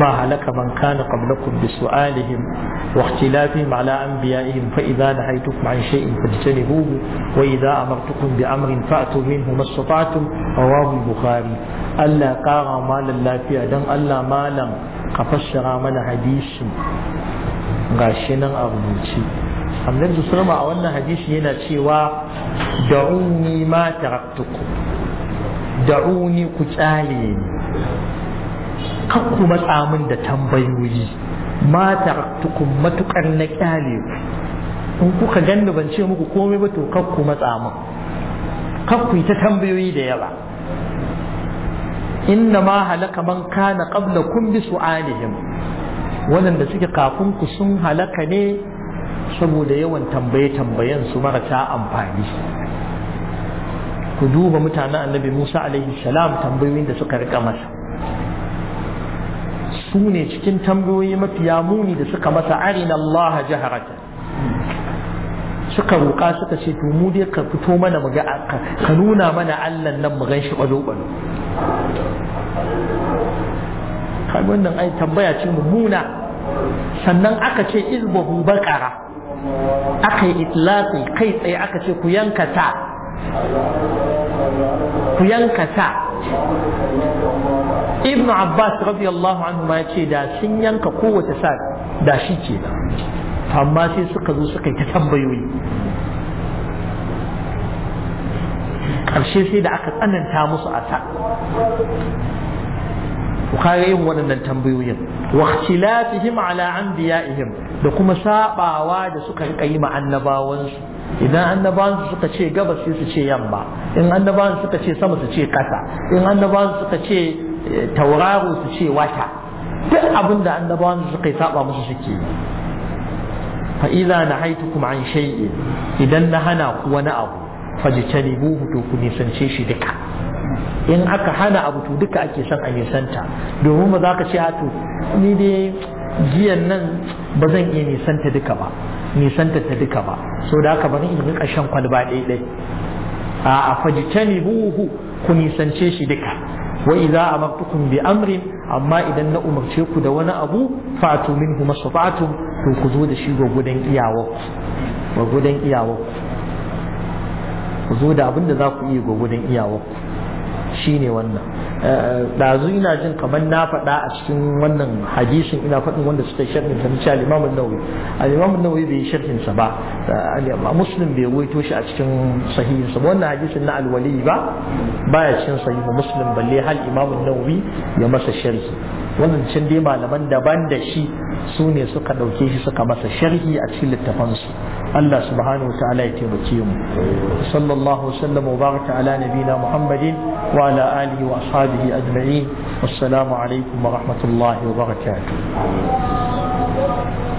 ما هلك من كان قبلكم بسؤالهم واختلافهم على أنبيائهم فإذا نهيتكم عن شيء فاجتنبوه وإذا أمرتكم بأمر فأتوا منه ما استطعتم رواه البخاري ألا قارا مالا لا في أدم ألا مالا قفشر من حديث غاشنا أغنوتي أم نبدو سلم أولنا حديث هنا تشيوا دعوني ما تركتكم دعوني كتاليني Kakku ku matsa min da tambayoyi ma tukun matukar na kyale in kuka ganni ban ce muku komai ba to kan matsa min ta tambayoyi da yawa inna ma halaka man kana kum bi su'alihim waɗanda suke kafin ku sun halaka ne saboda yawan tambaye-tambayen su marasa amfani ku duba mutanen annabi musa alaihi salam tambayoyin da suka rika masa su ne cikin tambayoyi mafiya muni da suka masa arin Allah jaharata suka roƙa suka ce to mu dai ka fito mana mu ga ka nuna mana Allah nan mu ganshi balo balo kai wannan ai tambaya ce mummuna sannan aka ce izbahu baqara aka yi itlaqi kai tsaye aka ce ku yanka ta ku yanka ta ibn abbas radiyallahu anhu ma yace da sun yanka kowace sa da shi ke amma sai suka zo suka yi ta tambayoyi Karshe sai da aka tsananta musu a sa kaga yin waɗannan tambayoyin wa ikhtilafihim ala anbiya'ihim da kuma sabawa da suka rika yi ma annabawansu idan annabawan suka ce gabas sai su ce yamma in annabawan suka ce sama su ce kasa in annabawan suka ce tauraro su ce wata duk abin da annabawan su suka yi saba musu suke fa idza nahaitukum an shay'in idan na hana ku wani abu fajtanibuhu to ku nisance shi duka in aka hana abu to duka ake son a nisanta domin ba za ka ce to ni dai jiyan nan ba zan iya nisanta duka ba nisanta ta duka ba so da haka bari in rika shan kwalba ɗaiɗai a fajtanibuhu ku nisance shi duka wa idza amartukum bi amrin amma idan na umarce ku da wani abu fatu minhu mastata'tum to ku zo da shi gwagwadon iyawar gwagwadon iyawar ku zo da abin da za ku iya gwagwadon iyawar shine wannan ɗazu ina jin kamar na faɗa a cikin wannan hadisin ina faɗin wanda suka sharhin ta nace al-Imam an-Nawawi al-Imam an-Nawawi bai sharhin sa ba A Muslim bai waito shi a cikin sahihin sa wannan hadisin na al-Wali ba baya cikin sahihin Muslim balle hal Imam an-Nawawi ya masa sharhi wazancin dai malaman daban da shi su ne suka ɗauke shi suka masa sharhi a cikin littafansu Allah subhanahu wa ta'ala ya taimake mu sallallahu sallam wa baraka ala nabina muhammadin wa ala alihi wa ashabihi ajma'in wassalamu alaikum wa rahmatullahi wa barakatuh